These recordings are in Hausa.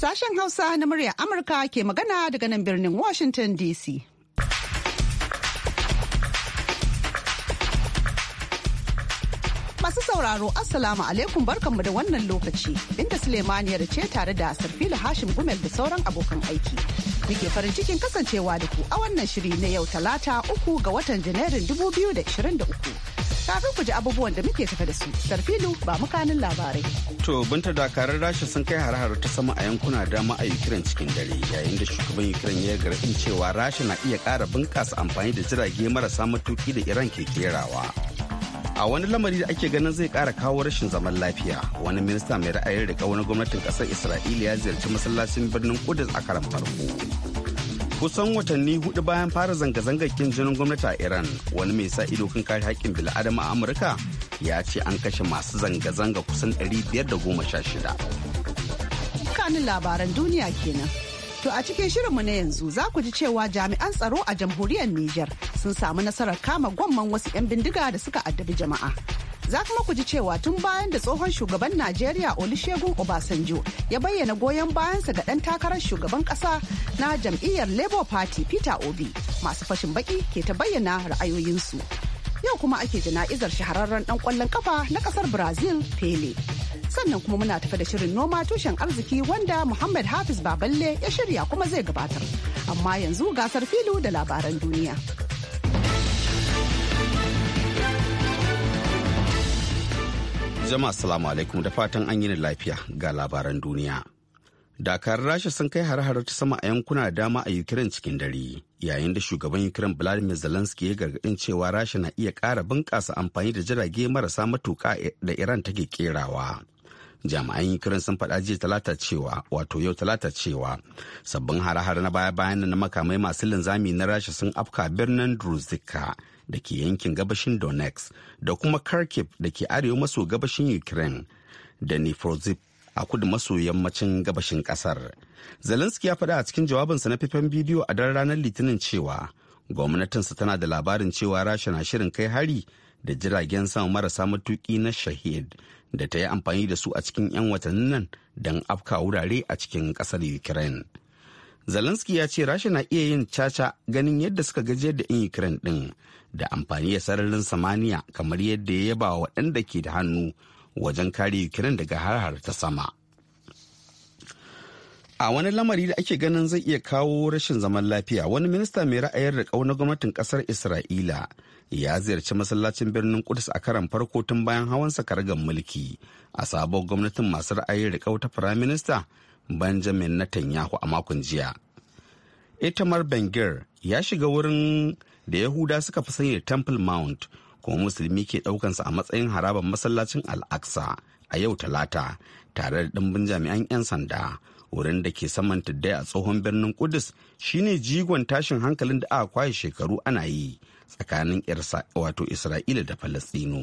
Sashen Hausa na murya Amurka ke magana daga nan birnin Washington DC. Masu sauraro Assalamu alaikum barkanmu da wannan lokaci. Binta suleimaniyar ce tare da Sarfila Hashim Gumel da sauran abokan aiki. Muke farin cikin kasancewa da ku a wannan shiri na yau talata uku ga watan Janairun 2023. kafin ku ji abubuwan da muke tafe da su sarfilu ba mukanin labarai. To binta dakarar rasha sun kai har-har ta sama a yankuna dama a Ukraine cikin dare yayin da shugaban Ukraine ya garfin cewa rasha na iya kara bunƙasa amfani da jirage marasa matuƙi da Iran ke kerawa. A wani lamari da ake ganin zai ƙara kawo rashin zaman lafiya wani minista mai ra'ayin riƙa wani gwamnatin ƙasar Isra'ila ya ziyarci masallacin birnin Kudus a karan farko. kusan watanni hudu bayan fara zanga-zangar kin jinin gwamnati a iran wani mai sa ido kan kare haƙƙin bil'adama a amurka ya ce an kashe masu zanga-zanga kusan 516 kanin labaran duniya kenan To a cikin shirinmu na yanzu za ku ji cewa jami'an tsaro a jamhuriyar Nijar sun samu nasarar kama gwamman wasu 'yan bindiga da suka addabi jama'a. Za kuma ku ji cewa tun bayan da tsohon shugaban Najeriya Olusegun Obasanjo ya bayyana goyon bayansa ga ɗan takarar shugaban ƙasa na jam'iyyar Labour Party Peter Obi masu fashin baki ke ta bayyana ra'ayoyinsu. Yau kuma ake jana'izar shahararren ɗan ƙwallon ƙafa na ƙasar Brazil Pele. sannan kuma muna tafe da shirin noma tushen arziki wanda Muhammad Hafiz Baballe ya shirya kuma zai gabatar. Amma yanzu gasar filu da labaran duniya. jama'a assalamu alaikum da fatan an yi lafiya ga labaran duniya dakarun rasha sun kai har har ta sama a yankuna da dama a ukraine cikin dare yayin da shugaban ukraine vladimir zelensky ya gargadin cewa rasha na iya ƙara bunƙasa amfani da jirage marasa matuƙa da iran take kerawa jami'an ukraine sun faɗa jiya talata cewa wato yau talata cewa sabbin har-har na baya-bayan na makamai masu linzami na rasha sun afka birnin druzika da ke yankin gabashin Donetsk da kuma Kharkiv da ke arewa maso gabashin Ukraine da Niprozip a kudu maso yammacin gabashin kasar. Zelensky ya faɗa a cikin jawabinsa na faifan bidiyo a daren ranar Litinin cewa gwamnatinsa tana da labarin cewa Rasha na shirin kai hari da jiragen sama marasa matuki na Shahid da ta yi amfani da su a cikin 'yan watannin nan don afka wurare a cikin ƙasar Ukraine. Zelensky ya ce Rasha na iya yin caca ganin yadda suka gajiyar da 'yan Ukraine ɗin da amfani da sararin samaniya kamar yadda ya yaba waɗanda ke da hannu wajen kare ukraine daga harhar ta sama a wani lamari da ake ganin zai iya kawo rashin zaman lafiya wani minista mai ra'ayar da ƙaunar gwamnatin ƙasar isra'ila ya ziyarci masallacin birnin kudus a karan farko tun bayan hawan sakaragan mulki a sabon gwamnatin masu ra'ayin riƙau ta firaminista benjamin netanyahu a makon jiya itamar bengir ya shiga wurin da yahuda suka fi sani da temple mount kuma musulmi ke ɗaukansa a matsayin harabar masallacin al-aqsa a yau talata tare da ɗimbin jami'an 'yan sanda wurin da ke saman tuddai a tsohon birnin kudus shine jigon tashin hankalin da aka kwaye shekaru ana yi tsakanin wato isra'ila da falastino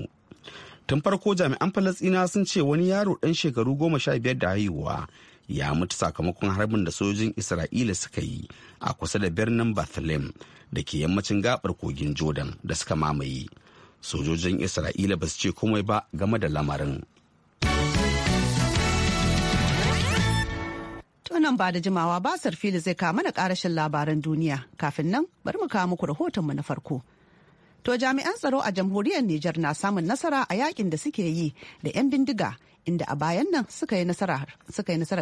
tun farko jami'an falastina sun ce wani yaro ɗan shekaru goma sha biyar da haihuwa ya mutu sakamakon harbin da sojojin isra'ila suka yi a kusa da birnin bethlehem da ke yammacin gabar kogin jordan da suka mamaye sojojin isra'ila ba su ce komai ba game da lamarin tunan ba da jimawa ba sarfili zai kama da karashin labaran duniya kafin nan bari mu kawo muku rahotonmu na farko to jami'an tsaro a jamhuriyar nijar na samun nasara a yakin da suke yi da 'yan bindiga inda a bayan nan suka yi nasarar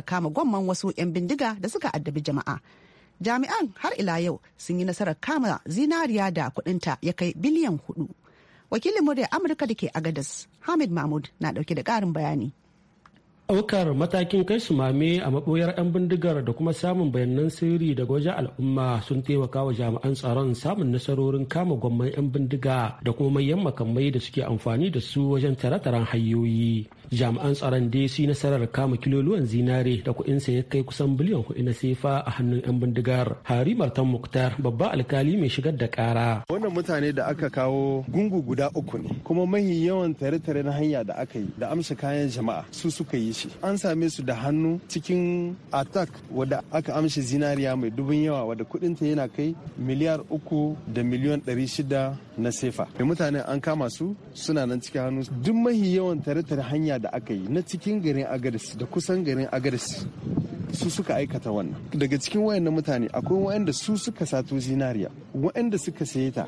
kama gwamman wasu 'yan bindiga da suka addabi jama'a jami'an har ila yau sun yi nasarar kama zinariya da kudinta ya kai biliyan hudu wakilin murya amurka da ke agadas hamid mahmud na dauke da karin bayani aukar matakin kai su mame a maboyar 'yan bindigar da kuma samun bayanan sirri daga wajen al'umma sun taimaka wa jami'an tsaron samun nasarorin kama gwamman 'yan bindiga da kuma manyan makamai da suke amfani da su wajen tare-taren hanyoyi jami'an tsaron dai nasarar kama kiloluwan zinare da kuɗin sa ya kai kusan biliyan kuɗi na sefa a hannun 'yan bindigar hari martan muktar babba alkali mai shigar da kara wannan mutane da aka kawo gungu guda uku ne kuma mahi yawan tare-tare na hanya da aka yi da amsa kayan jama'a su suka yi shi an same su da hannu cikin attack wadda aka amshi zinariya mai dubin yawa wadda kuɗin ta yana kai miliyar uku da miliyan ɗari shida na sefa mutane an kama su suna nan cikin hannu duk mahi yawan tare-tare hanya hanya da aka yi na cikin garin agaris da kusan garin agaris su suka aikata wannan daga cikin wayannan mutane akwai wayanda su suka sato zinariya wayanda suka saye da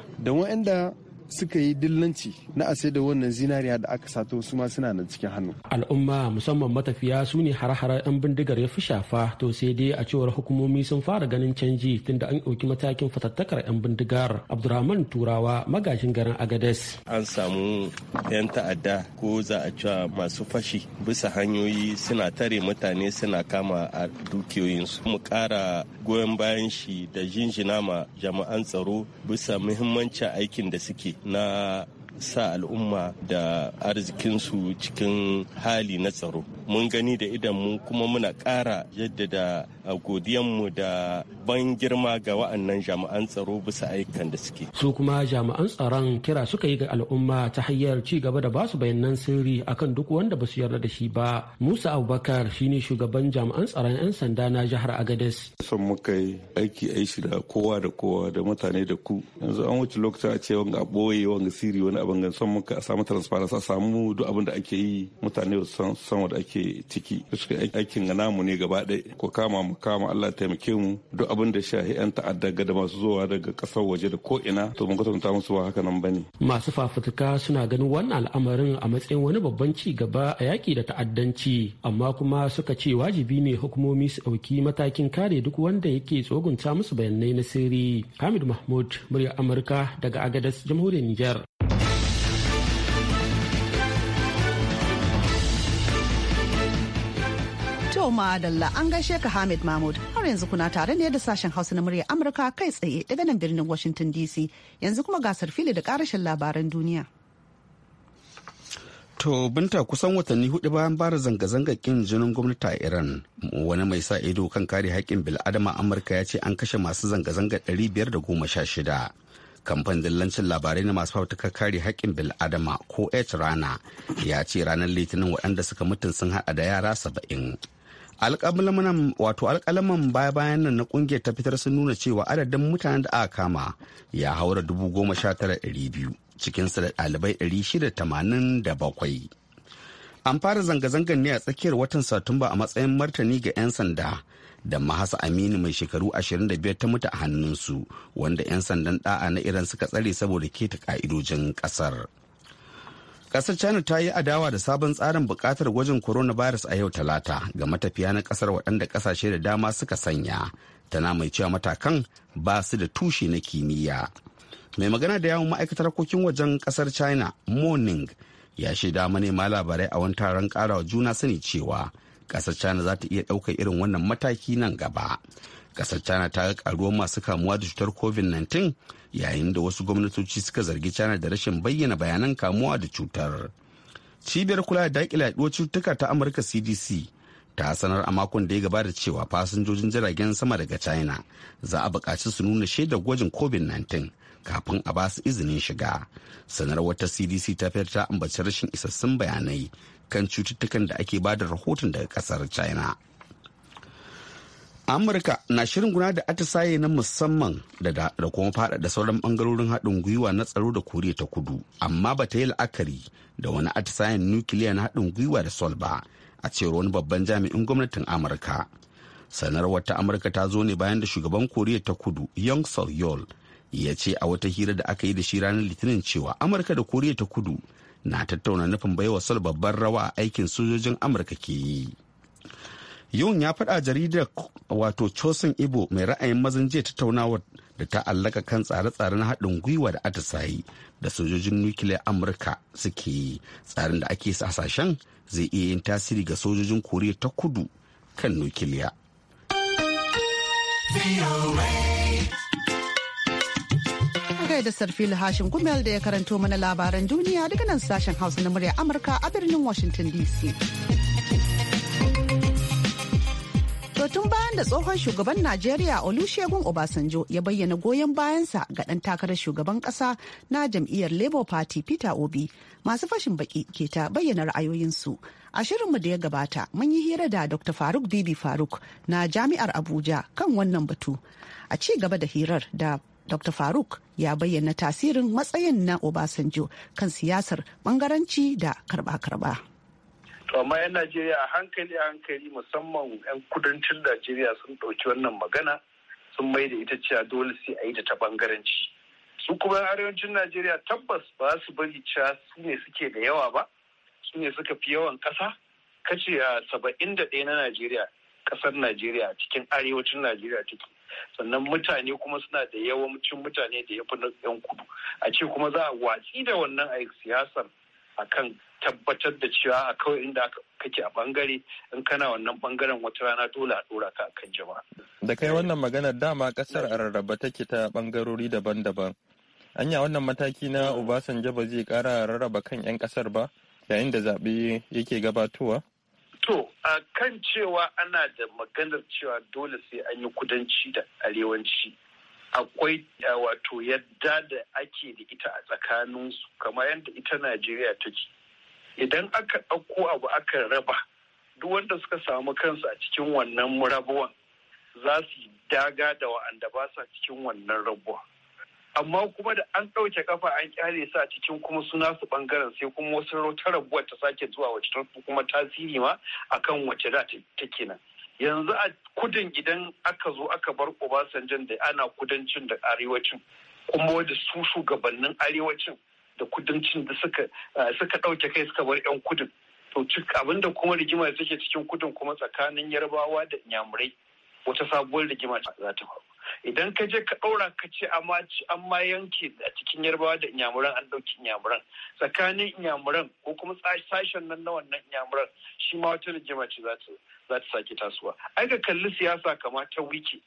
suka yi dillanci na a da wannan zinariya da aka sato su ma suna nan cikin hannu. Al'umma musamman matafiya su ne har-hara 'yan bindigar ya fi shafa to sai dai a cewar hukumomi sun fara ganin canji tunda an ɗauki matakin fatattakar 'yan bindigar. Abdurrahman Turawa magajin garin Agades. An samu 'yan ta'adda ko za a cewa masu fashi bisa hanyoyi suna tare mutane suna kama a dukiyoyinsu. Mu kara goyon bayan shi da jinjina ma jama'an tsaro bisa muhimmancin aikin da suke na sa al'umma da arzikinsu cikin hali na tsaro mun gani da idan mu kuma muna ƙara jaddada uh, mu da ban girma ga wa'annan jami'an tsaro bisa ayyukan da suke. Su kuma jami'an tsaron kira suka yi ga al'umma ta hanyar ci gaba da basu bayanan sirri akan duk wanda basu su yarda da shi ba. Musa Abubakar shine shugaban jami'an tsaron 'yan sanda na jihar Agadez. Son muka yi aiki a shi da kowa da kowa da mutane da ku. Yanzu an wuce lokacin a ce wanga ɓoye wanga siri wani abin son muka a samu transparency a samu duk abin da ake yi mutane san wanda ake ake ciki aikin namu ne gaba ɗaya ko kama mu kama Allah taimake mu duk abin da shahi yan ta'adda ga da masu zuwa daga ƙasar waje da ko ina to mun kwatanta musu ba haka nan bane masu fafutuka suna ganin wannan al'amarin a matsayin wani babban ci gaba a yaki da ta'addanci amma kuma suka ce wajibi ne hukumomi su ɗauki matakin kare duk wanda yake tsogunta musu bayanai na sirri Hamid Mahmud murya Amurka daga Agadas jamhuriyar Nijar madalla an gaishe ka Hamid Mahmud har yanzu kuna tare ne da sashen Hausa na murya Amurka kai tsaye daga nan birnin Washington DC yanzu kuma gasar fili da karashin labaran duniya. To binta kusan watanni hudu bayan bara zanga-zanga kin jinin gwamnati a Iran wani mai sa ido kan kare haƙƙin bil'adama Amurka ya ce an kashe masu zanga-zanga shida. kamfan dillancin labarai na masu fafutukar kare haƙƙin bil'adama ko h rana ya ce ranar litinin waɗanda suka mutum sun haɗa da yara saba'in alƙalaman wato baya bayan nan na ƙungiyar ta fitar sun nuna cewa adadin mutanen da aka kama ya haura dubu goma sha tara ɗari biyu cikinsu da ɗalibai ɗari shida tamanin da bakwai. An fara zanga-zangar ne a tsakiyar watan Satumba a matsayin martani ga 'yan sanda da mahasa aminu mai shekaru biyar ta mutu a hannunsu wanda 'yan sandan da'a na iran suka tsare saboda keta ka'idojin ƙasar. Kasar China ta yi adawa da sabon tsarin bukatar gwajin coronavirus a yau talata ga matafiya na kasar waɗanda kasashe da dama suka sanya. Tana mai cewa matakan ba su da tushe na kimiyya. Mai magana da yawon ma'aikatar harkokin wajen kasar China, Morning, ya dama ne ma labarai a wani taron karawa juna sani cewa kasar China za ta iya ɗaukar irin wannan mataki nan gaba. kasar china ta ga karuwar masu kamuwa da cutar covid-19 yayin da wasu gwamnatoci suka zargi china da rashin bayyana bayanan kamuwa da cutar cibiyar kula da daƙile yaduwar cututtuka ta amurka cdc ta sanar a makon da ya gabata cewa fasinjojin jiragen sama daga china za a buƙaci su nuna shaidar gwajin covid-19 kafin a ba su izinin shiga sanar wata cdc ta fitar ta ambaci rashin isassun bayanai kan cututtukan da ake ba da rahoton daga kasar china amurka na shirin guna da atisaye na musamman da kuma faɗaɗa sauran ɓangarorin haɗin gwiwa na tsaro da koriya ta kudu amma ba ta yi la'akari da wani atisayen nukiliya na haɗin gwiwa da sol ba a cewar wani babban jami'in gwamnatin amurka sanarwar ta amurka ta zo ne bayan da shugaban koriya ta kudu yong sol yol ya ce a wata hira da aka yi da shi ranar litinin cewa amurka da koriya ta kudu na tattauna nufin baiwa sol babban rawa a aikin sojojin amurka ke yi Yun ya faɗa jaridar wato Chosin Ibo mai ra'ayin mazan jiya tattaunawar da ta allaka kan tsare tsare na haɗin gwiwa da sayi da sojojin nukiliyar Amurka suke yi tsarin da ake hasashen zai iya yin tasiri ga sojojin Koriya ta kudu kan nukiliya. Kai da Sarfil Hashim Gumel da ya karanto mana labaran duniya daga nan sashen Hausa na murya Amurka a birnin Washington DC. tun bayan da tsohon shugaban Najeriya Olusegun Obasanjo ya bayyana goyon bayansa ga ɗan takarar shugaban ƙasa na jam'iyyar Labour Party Peter Obi, masu fashin baki ke ta bayyana ra'ayoyinsu. A shirinmu da ya gabata, mun yi hira da Dr. Faruk Bibi Faruk na Jami'ar Abuja kan wannan batu. A ci gaba da hirar da Dr. Faruk ya bayyana tasirin matsayin na Obasanjo kan siyasar bangaranci da karba-karba. to amma yan najeriya a hankali a hankali musamman yan kudancin najeriya sun ɗauki wannan magana sun mai da ita cewa dole sai a yi da ta bangaranci su kuma arewacin najeriya tabbas ba su bari cewa su ne suke da yawa ba su ne suka fi yawan ƙasa kace a saba'in da ɗaya na najeriya ƙasar najeriya cikin arewacin najeriya take sannan mutane kuma suna da yawancin mutane da ya fi yan kudu a ce kuma za a watsi da wannan a siyasar akan tabbatar da cewa a kawai inda kake a bangare in kana wannan bangaren wata rana dole a dora ka kan jama'a. Da kai wannan maganar dama kasar a rarraba take ta bangarori daban-daban. Anya wannan mataki na Obasanjo ba zai kara rarraba kan 'yan kasar ba yayin da zaɓe yake gabatowa? To, a kan cewa ana da maganar cewa dole sai an yi kudanci da arewanci. akwai wato yadda da ake da ita a tsakanin su kamar yadda ita najeriya take idan aka ɗauko abu aka raba duk wanda suka samu kansu a cikin wannan rabuwan za su yi daga da wa'anda ba a cikin wannan rabuwa amma kuma da an ɗauke kafa an kyale su a cikin kuma suna su bangaren sai kuma wasu rautar rabuwar ta sake zuwa wacce ta kuma tasiri ma akan wacce za ta kenan yanzu a kudin idan aka zo aka bar obasanjan da ana kudancin da arewacin kuma wadda su shugabannin arewacin da kudancin da suka suka ɗauke kai suka bar 'yan kudin to cik abinda kuma rigima take cikin kudin kuma tsakanin yarbawa da inyamurai wata sabuwar rigima za ta faru idan ka je ka ɗaura ka ce an ma yanke a cikin yarbawa da inyamuran an ɗauki inyamuran tsakanin inyamuran ko kuma sashen nan na wannan inyamuran shi ma wata rigima ce za ta sake tasowa ai ka kalli siyasa kamar ta wiki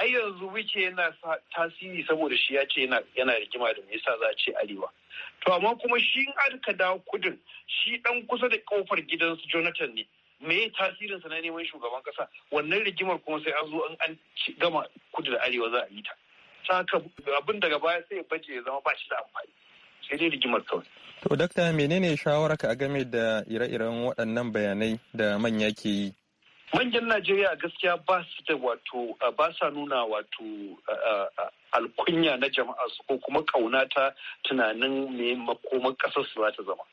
ai yanzu wuce yana tasiri saboda shi ya ce yana rigima da me yasa za a ce arewa to amma kuma shi in ka dawo kudin shi dan kusa da kofar gidansu jonathan ne me tasirinsa na neman shugaban kasa wannan rigimar kuma sai an zo an an gama kudu da arewa za a yi ta haka abin daga baya sai ya baje ya zama ba shi da amfani sai dai rigimar kawai to dakta menene shawararka a game da ire-iren waɗannan bayanai da manya ke yi manyan najeriya gaskiya ba su da wato ba sa nuna wato alkunya na jama'a su ko kuma kauna ta tunanin me makoman kasar su za ta zama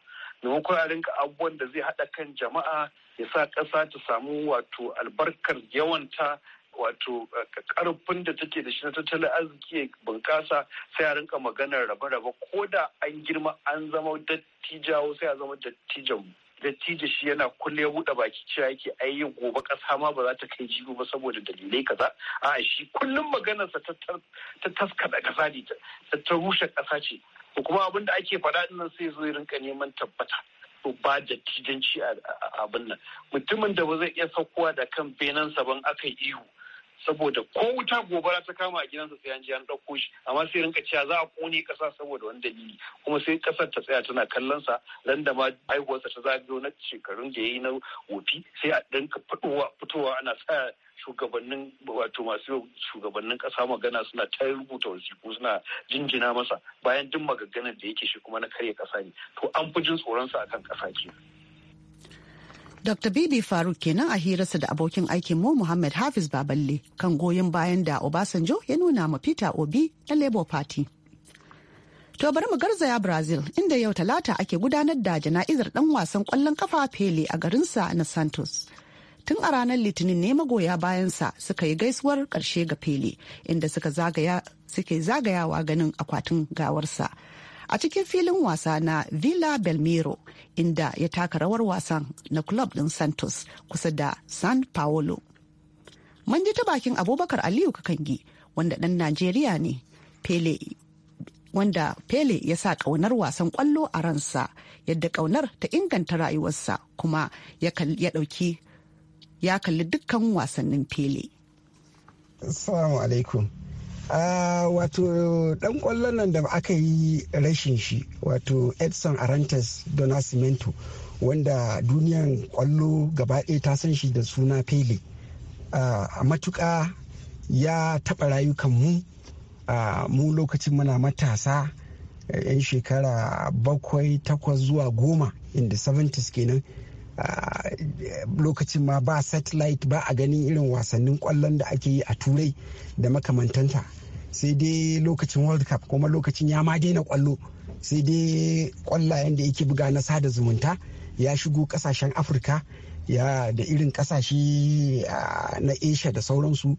kuma a rinka abubuwan da zai haɗa kan jama'a ya sa ƙasa ta samu wato albarkar yawanta wato karfin da take da shi na tattalin arziki bunƙasa sai a rinka maganar raba raba ko da an girma an zama dattijawo sai a zama dattijan dattijo shi yana kulle ya buɗe baki cewa yake ai gobe ƙasa ma ba za ta kai jibi ba saboda dalilai kaza a shi kullum maganarsa ta taskada ƙasa ne ta rushe ƙasa ce kuma abin da ake faɗa nan sai zo rinka neman tabbata to ba dattijanci a abin nan mutumin da ba zai iya saukowa da kan benansa ban aka ihu saboda ko wuta gobara ta kama a gidansa sai an je an ɗauko shi amma sai rinka cewa za a ƙone ƙasa saboda wani dalili kuma sai ƙasar ta tsaya tana kallon sa ran da ma haihuwarsa ta zagayo na shekarun da ya yi na wofi sai a rinka fitowa ana sa shugabannin wato masu shugabannin ƙasa magana suna ta rubuta wasiƙu suna jinjina masa bayan duk maganganar da yake shi kuma na karya ƙasa ne to an fi jin tsoronsa akan ƙasa ke. Dr. Bibi Faruk kenan a hirarsa da abokin aikin mu Muhammad Hafiz Baballe kan goyon bayan da Obasanjo ya nuna ma Peter Obi na Labour Party. To bari mu garzaya Brazil inda yau talata ake gudanar da jana'izar dan wasan kwallon kafa Pele a garinsa na Santos. Tun a ranar Litinin ne magoya bayansa suka yi gaisuwar karshe ga Pele inda suka zagaya suke zagayawa ganin akwatin gawarsa. A cikin filin wasa na Villa Belmiro inda ya taka rawar wasan na club ɗin santos kusa da san paolo mun ji ta bakin abubakar aliyu kakangi wanda dan najeriya ne pele wanda pele ya sa ƙaunar wasan kwallo a ransa yadda kaunar ta inganta rayuwarsa kuma ya dauki ya kalli dukkan wasannin pele. Assalamu alaikum. wato dan kwallon nan da aka yi rashin shi wato edson arantes nascimento wanda duniyan kwallo gabaɗaya ta san shi da suna pele a matuƙa ya taɓa rayukan mu mu lokacin muna matasa eh, 'yan shekara bakwai takwas zuwa goma in the 70s kenan Ah, lokacin ma ba satellite ba a ganin irin wasannin kwallon da ake yi a turai da makamantanta sai dai lokacin world cup kuma lokacin ya ma daina kwallo sai dai kwallayen da yake buga na sada zumunta ya shigo kasashen afirka ya da irin kasashe ah, na asia da sauransu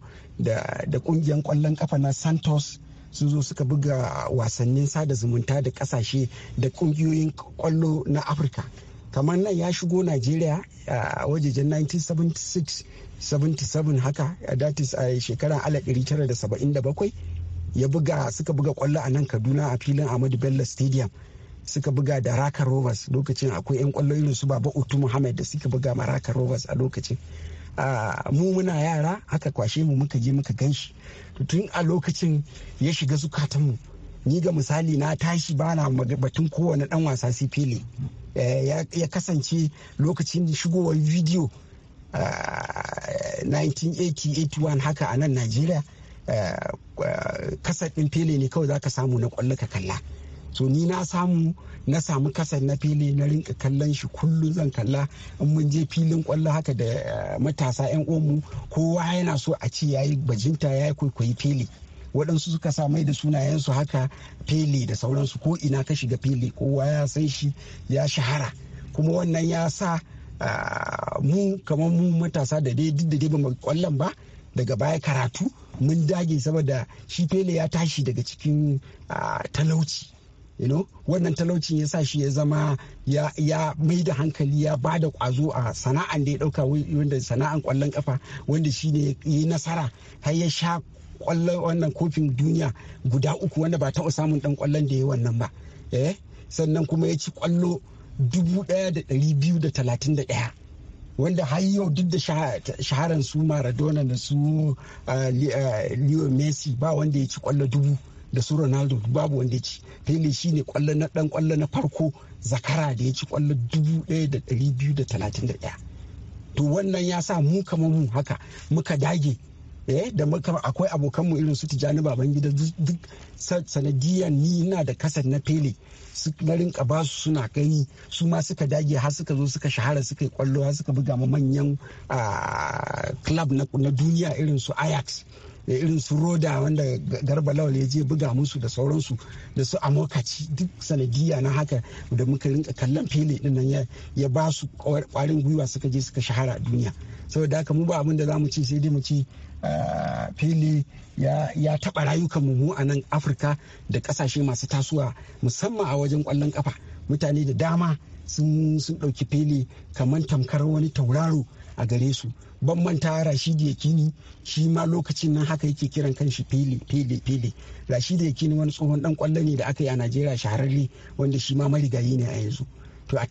da kungiyar kwallon kafa na santos sun zo suka buga wasannin sada zumunta da kasashe da kungiyoyin kwallo na afirka kamar nan ya shigo najeriya a wajejen 1976 77 haka a is a shekarar 1977 ya buga suka buga kwallo a nan kaduna a filin ahmadu bello stadium suka buga da raka rovers lokacin akwai 'yan kwallo irin su baba utu muhammad da suka buga ma raka rovers a lokacin mu muna yara aka kwashe mu muka je muka gan shi tun a lokacin ya shiga zukatanmu ni ga misali na tashi ba na batun kowane dan wasa sai fili Eh, ya kasance lokacin shigowar video 1980 ah, haka a nan najeriya eh, eh, kasar ɗin fele ne kawai za ka samu na ƙwallo ka kalla so ni na samu na samu kasar na fele na rinka kallon shi kullum zan kalla in mun je filin kwallo haka da matasa yan omu kowa yana so a ce ya yayi bajinta yi kwaikwayi fele. waɗansu suka sa mai da sunayensu haka fele da sauransu ko ina ka shiga fele kowa ya san shi ya shahara kuma wannan ya sa mu kamar mu matasa da dai duk da dai ba kwallon ba daga baya karatu mun dage saboda shi fele ya tashi daga cikin talauci you know wannan talaucin ya sa shi ya zama ya, mai da hankali ya ba da kwazo a sana'an da ya dauka wanda sana'an kwallon kafa wanda shi ne ya yi nasara har ya sha kwallon wannan kofin duniya guda uku wanda ba taɓa samun ɗan kwallon da ya wannan ba eh sannan kuma ya ci kwallo dubu ɗaya da ɗari biyu da talatin da ɗaya wanda har yau duk da shaharan su maradona da su ah, leo ah, messi ba wanda ya ci kwallo dubu da su ronaldo babu wanda ya ci pele ne kwallo na ɗan kwallo na farko zakara da ya ci kwallo dubu ɗaya da ɗari biyu da talatin da ɗaya to wannan ya sa mu kamar mu haka muka dage eh da muka akwai abokanmu irin su tijjani baban gida duk sanadiyar ni na da kasar na fele na rinka ba su suna gani su ma suka dage har suka zo suka shahara suka yi kwallo har suka buga ma manyan club na duniya irin su ajax irin su roda wanda garba lawal ya je buga musu da sauransu da su amokaci duk sanadiyya na haka da muka rinka kallon fele din nan ya ba su kwarin gwiwa suka je suka shahara duniya saboda haka mu ba abin da za mu ci sai dai mu ci Ah, fili ya taɓa rayukan mu a nan afirka da ƙasashe masu tasowa musamman a wajen ƙwallon ƙafa mutane da dama sun ɗauki fili kamar tamkar wani tauraro a gare su ban manta rashidi yakini shi ma lokacin nan haka yake kiran kanshi fili fili fili rashidi yakini wani tsohon dan ƙwallo ne da aka yi a najeriya shahararre wanda shi ma marigayi ne a yanzu to a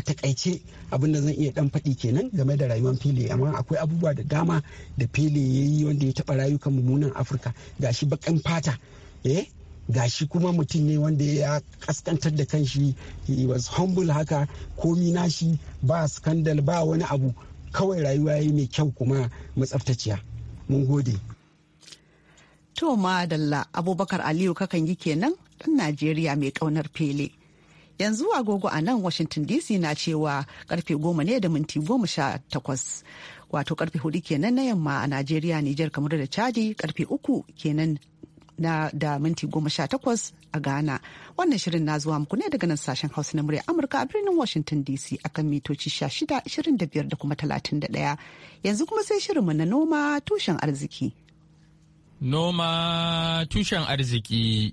takaice abin da zan iya dan faɗi kenan game da rayuwar fili amma akwai abubuwa da dama da fili ya yi wanda ya taɓa rayukan mummunan afirka gashi bakin fata eh gashi kuma mutum ne wanda ya kaskantar da kanshi he was humble haka komi nashi ba scandal ba wani abu kawai rayuwa ya yi mai kyau kuma matsaftaciya mun gode to madalla abubakar aliyu kakan yi kenan dan najeriya mai kaunar fele yanzu agogo a nan washington dc na cewa karfe goma ne da minti goma sha takwas wato karfe hudu kenan na yamma a nigeria nijar kamar da chadi karfe uku kenan na da minti goma sha takwas a ghana wannan shirin na zuwa muku ne daga nan sashen hausa na murya amurka a birnin washington dc akan mitoci sha shida ishirin da biyar da kuma talatin da daya yanzu kuma sai shirin mu na noma tushen arziki noma tushen arziki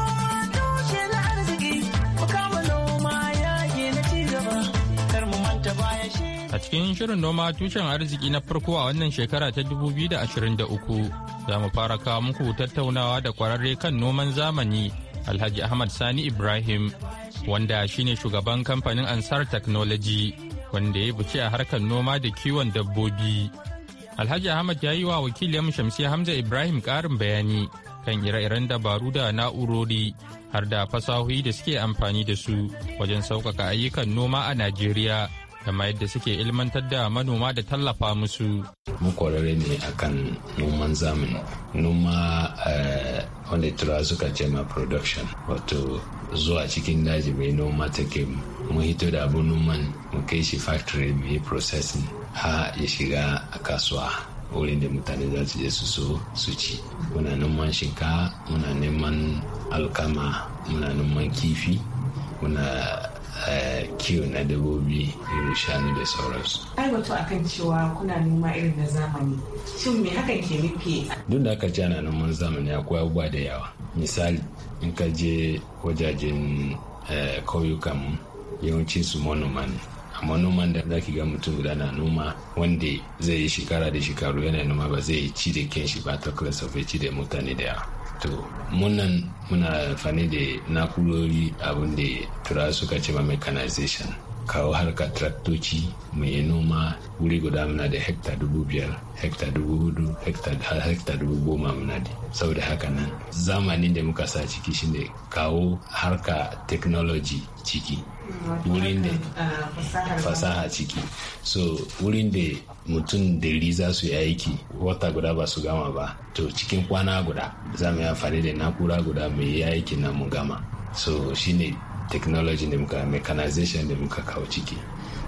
cikin shirin noma tushen arziki na farko a wannan shekara ta 2023 za mu fara kawo muku tattaunawa da kwararre kan noman zamani alhaji ahmad sani ibrahim wanda shine shugaban kamfanin ansar technology wanda ya buce a harkar noma da kiwon dabbobi alhaji ahmad ya yi wa wakiliyar shamsiya hamza ibrahim karin bayani kan ire-iren dabaru da na'urori har da fasahohi da suke amfani da su wajen sauƙaƙa ayyukan noma a najeriya kama yadda suke ilmantar da manoma da tallafa musu. Mu kwararre ne akan noman zamani, noma eh, wanda tura suka ce ma production, wato zuwa cikin daji mai noma take mu hito da abu noman mu kai shi factory mai processing ha ya shiga a kasuwa wurin da mutane za su je su so su ci. Muna noman shinkafa, muna neman alkama, muna noman kifi, muna q eh, na dabbobi irin shanu da sauransu. Ai wato akan cewa kuna noma irin na zamani. Shin me hakan ke nufi? Duk da aka ce ana noman zamani akwai abubuwa da yawa. Misali in ka je wajajen eh, kauyukan yawanci su manoma ne. amma noman da za ki ga mutum guda na noma wanda zai yi shekara da shekaru yana noma ba zai ci da kyan shi ba ta kula ci da mutane da yawa. to munan muna fane da na'urori abinda da tura suka ce ma mechanization kawo harka traktoci mai noma wuri guda muna da hekta dubu biyar hekta dubu hudu hekta dubu goma muna da saboda haka nan zamanin da muka sa ciki shine kawo harka technology ciki wurin da fasaha ciki so wurin da mutum dari za su yi aiki wata guda ba su gama ba to cikin kwana guda za mu yi amfani da nakura guda mu yi aiki na mu gama so shine technology da muka mechanization da muka kawo ciki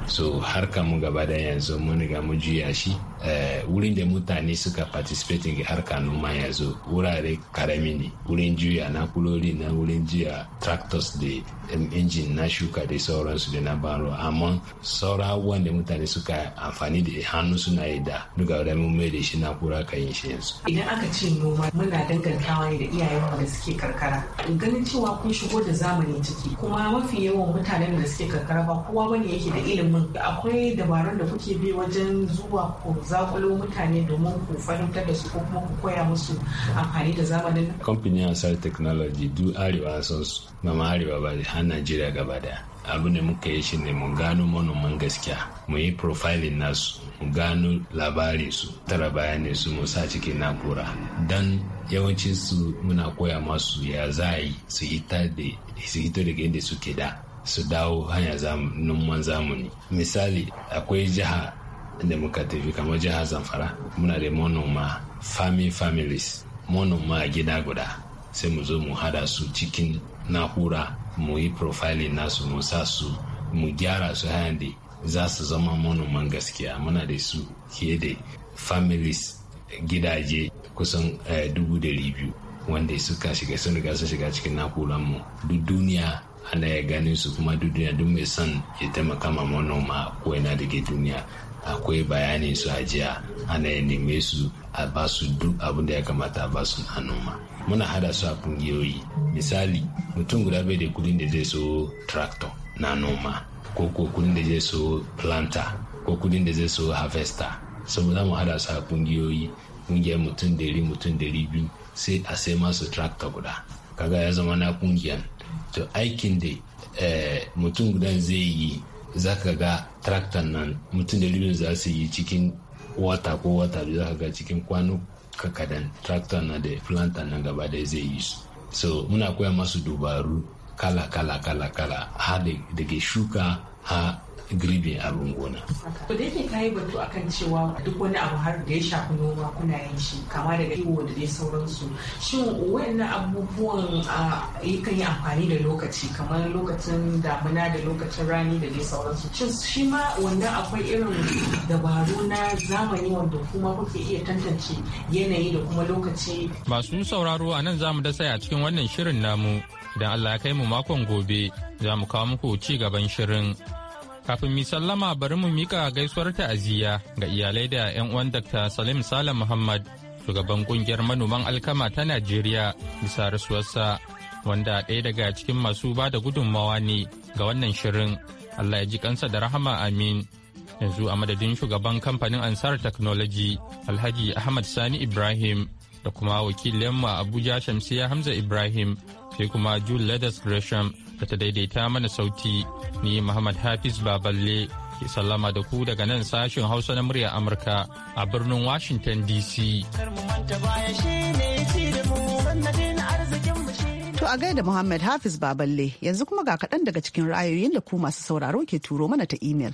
so harkar mu gaba da yanzu mun riga mu juya shi Eh, wurin da mutane suka participate in harka noma yanzu wurare karami ne wurin juya na kulori na wurin juya tractors da injin na shuka da sauransu da na baro amma saura da mutane suka amfani da hannu suna yi da duka wadda mun mai da shi na kura ka yin shi yanzu. idan aka ce noma muna dangantawa ne da iyayen da suke karkara ganin cewa kun shigo da zamani ciki kuma mafi yawan mutanen da suke karkara ba kowa bane yake da ilimin akwai dabarun da kuke bi wajen zuwa ko zakulo mutane domin ku fahimtar da su ko kuma ku koya musu amfani da zamanin nan ya asar technology duk arewa sun su ba ma arewa ba har najeriya gaba daya abu ne muka yi shi ne mu gano manoman gaskiya mu yi profiling nasu mu gano labari su tara bayani su mu sa cikin na'ura dan yawancin su muna koya masu ya za yi su hita su hito daga inda suke da su dawo hanya noman zamani misali akwai jiha inda muka tafi kamar jihar zamfara muna da manoma farming families manoma gida guda sai mu zo mu hada su cikin na'ura mu yi profiling nasu mu sa su mu gyara su hande za su zama manoman gaskiya muna da su fiye da families gidaje kusan eh, dubu da biyu wanda suka shiga sun riga sun shiga cikin mu duk duniya ana ya ganin su kuma duk duniya duk mai son ya taimaka ma manoma ko yana da duniya akwai bayanin su ajiya ana ya neme su a ba su duk abin da ya kamata a ba su muna hada su a kungiyoyi misali mutum guda bai da kudin da zai so tractor na noma ko ko kudin da zai so planter ko kudin da zai so harvester saboda mu hada su a kungiyoyi kungiyar mutum dari mutum dari biyu sai a sai masu tractor guda kaga ya zama na kungiyar to aikin da eh, mutum guda zai yi za ka ga traktan nan mutum da lulun za su yi cikin wata ko wata da za ka ga cikin kwano kakadan traktan na da plantan nan gaba da zai yi su so muna koya masu dubaru kala kala kala kala har daga shuka ha girbin abin gona. To da yake kayi batu kan cewa duk wani abu har da ya shafi noma kuna yin shi kama daga kiwo da dai sauransu. Shin wayannan abubuwan kan yi amfani da lokaci kamar lokacin damuna da lokacin rani da dai sauransu. Shin shi ma wannan akwai irin dabaru na zamani wanda kuma kuke iya tantance yanayi da kuma lokaci. Masu sauraro a nan za mu dasa a cikin wannan shirin namu. Idan Allah ya kai mu makon gobe za mu kawo muku ci gaban shirin. Kafin mi sallama bari mu mika gaisuwar ta'aziyya ga iyalai da 'yan uwan Dr. Salim Salam Muhammad, shugaban kungiyar manoman alkama ta Najeriya bisa rasuwarsa, wanda ɗaya daga cikin masu ba da gudunmawa ne ga wannan shirin. Allah ya ji kansa da rahama amin. Yanzu a madadin shugaban kamfanin Ansar Technology, Alhaji Ahmad Sani Ibrahim, da kuma wakilinmu a Abuja Shamsiya Hamza Ibrahim, sai kuma Jule Ledes Gresham da ta daidaita mana sauti ni Muhammad Hafiz Baballe ke sallama da ku daga nan sashen Hausa na murya Amurka a birnin Washington DC. To a gaida Muhammad Hafiz Baballe yanzu kuma ga kaɗan daga cikin ra'ayoyin da ku masu sauraro ke turo mana ta imel.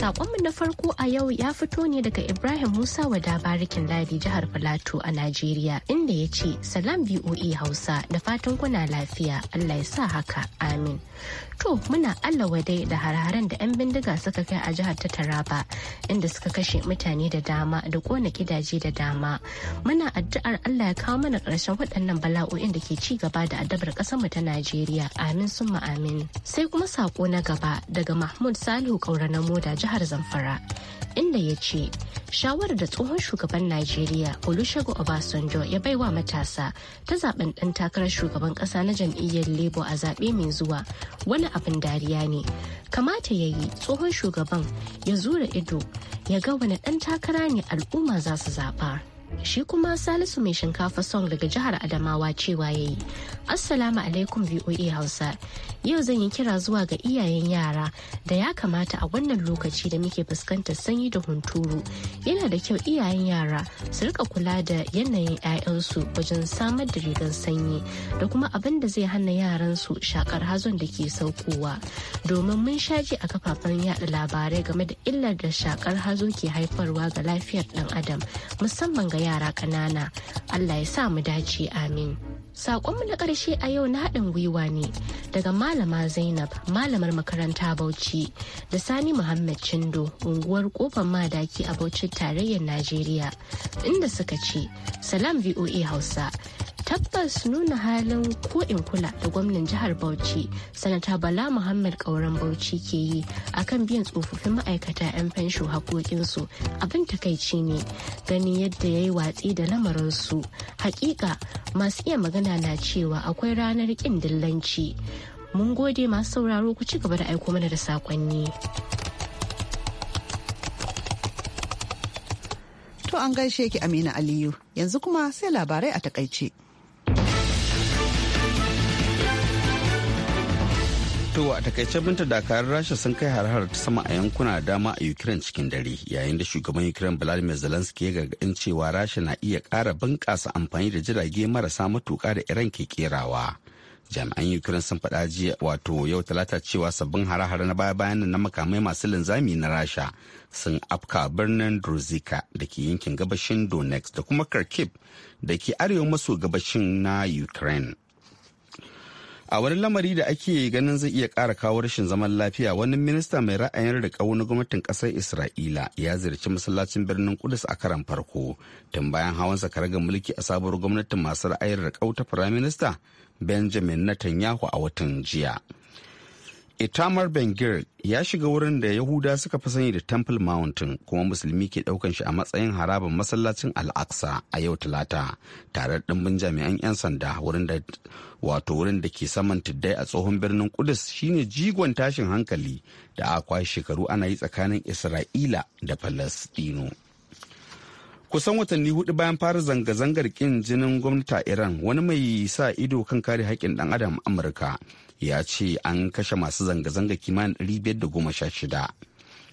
Sakonmu na farko a yau ya fito ne daga Ibrahim Musa wa dabarikin ladi jihar Filato a Najeriya inda ya ce salam BOE Hausa da fatan kuna lafiya Allah ya sa haka amin. To muna Allah wadai da hararen da 'yan bindiga suka kai a jihar ta Taraba inda suka kashe mutane da dama da kona gidaje da dama. Muna addu'ar Allah ya kawo mana ƙarshen waɗannan bala'o'in da ke ci gaba da addabar ƙasarmu ta Najeriya. Amin summa amin. Sai kuma sako na gaba daga Mahmud Salihu Kaura na Moda jihar Zamfara inda ya ce shawarar da tsohon shugaban Najeriya Olusegun Obasanjo ya bai wa matasa ta zaben ɗan takarar shugaban ƙasa na jam'iyyar Labour a zaɓe mai zuwa wani abin dariya ne kamata ya yi tsohon shugaban ya zura ido ya ga wani ɗan takara ne al'umma za su zaɓa. Shi kuma Salisu mai shinkafa song daga jihar Adamawa cewa ya yi. Assalamu alaikum VOA Hausa. Yau zan yi kira zuwa ga iyayen yara da ya kamata a wannan lokaci da muke fuskantar sanyi da hunturu. Yana da kyau iyayen yara su rika kula da yanayin 'ya'yansu wajen samar da rigar sanyi da kuma abin da zai hana yaran su shakar hazon da ke saukowa. Domin mun shaji a kafafen yada labarai game da illar da shakar hazo ke haifarwa ga lafiyar dan adam musamman ga yara ƙanana allah ya sa mu dace amin Sakonmu na ƙarshe a yau na haɗin gwiwa ne daga Malama Zainab, malamar makaranta Bauchi, da Sani Muhammad Chindo, unguwar kofar madaki a Bauchi tarayyar Najeriya, inda suka ce, Salam VOA Hausa. tabbas nuna halin ko in kula da gwamnan jihar bauchi sanata bala muhammad kauran bauchi ke yi akan biyan tsofaffin ma'aikata 'yan fensho haƙoƙinsu abin takaici ne ganin yadda ya yi watsi da lamarinsu hakika masu iya magana na cewa akwai ranar ƙin dillanci mun gode masu sauraro ku ci gaba da aiko mana da sakonni. To an gaishe ki Amina Aliyu, yanzu kuma sai labarai a takaice. To a takaice binta dakarun Rasha sun kai harhar ta sama a yankuna dama a Ukraine cikin dare yayin da shugaban Ukraine Vladimir Zelensky ya gargaɗin cewa Rasha na iya ƙara bunƙasa amfani da jirage marasa matuƙa da Iran ke kerawa. Jami'an Ukraine sun faɗa jiya wato yau talata cewa sabbin harahara na baya-bayan na makamai masu linzami na Rasha sun afka birnin druzika da ke yankin gabashin Donetsk da kuma Kharkiv da ke arewa maso gabashin na Ukraine. a wani lamari da ake ganin zai iya ƙara kawo rashin zaman lafiya wani minista mai ra'ayin riƙau na gwamnatin ƙasar isra'ila ya ziyarci masallacin birnin kudus a karan farko tun bayan hawan sakaragar mulki a sabuwar gwamnatin masu ra'ayin riƙau ta firaminista benjamin netanyahu a watan jiya Itamar ben ya shiga wurin da Yahuda suka fi sani da Temple Mountain kuma musulmi ke daukan shi a matsayin harabar masallacin Al-Aqsa a yau Talata tare da dimbin jami'an 'yan sanda wurin da wato wurin da ke saman tuddai a tsohon birnin Kudus shine jigon tashin hankali da aka shekaru ana yi tsakanin Isra'ila da Falastino. kusan watanni hudu bayan fara zanga-zangar kin jinin gwamnati a iran wani mai sa ido kan kare haƙƙin ɗan adam amurka ya ce an kashe masu zanga-zanga kimanin shida.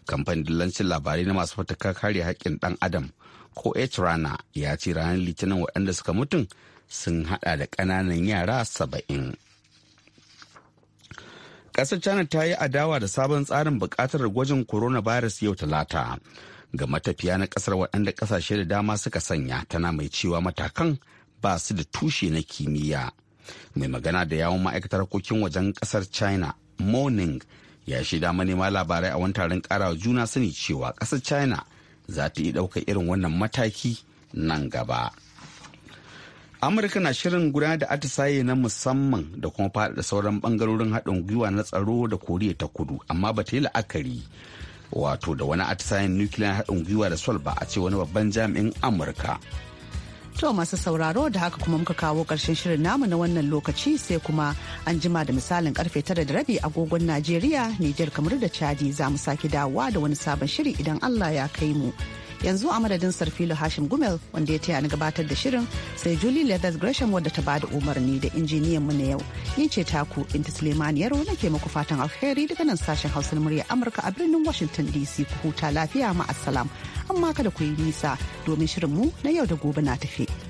kamfanin dillancin labarai na masu fataka kare haƙƙin ɗan adam ko rana ya ce ranar litinin waɗanda suka mutum sun haɗa da ƙananan yara saba'in. ƙasar china ta yi adawa da sabon tsarin buƙatar gwajin coronavirus yau talata ga matafiya na kasar waɗanda ƙasashe da dama suka sanya tana mai cewa matakan ba su da tushe na kimiyya mai magana da yawon ma'aikatar harkokin wajen ƙasar china morning ya shaida manema labarai a wani taron ƙarawa juna sani cewa ƙasar china za ta iya ɗaukar irin wannan mataki nan gaba. amurka na shirin gudanar da atisaye na musamman da kuma faɗaɗa sauran bangarorin haɗin gwiwa na tsaro da koriya ta kudu amma ba ta yi la'akari wato da wani atisayen nukiliya haɗin gwiwa da sol ba a ce wani babban jami'in amurka To masu sauraro da haka kuma muka kawo ƙarshen shirin namu na wannan lokaci sai kuma an jima da misalin karfe tara da rabi agogon Najeriya, Nijar kamar da Chadi za mu sake dawowa da wani sabon shiri idan Allah ya kai mu. yanzu a madadin sarfilo hashim gumel wanda ya taya ni gabatar da shirin sai julie leathers gresham wadda ta bada umarni da injiniyan mu na yau ni ce taku inta suleiman yaro ke muku fatan alheri daga nan sashen hausa murya amurka a birnin washington dc ku huta lafiya ma assalam amma kada ku yi nisa domin shirin mu na yau da gobe na tafi.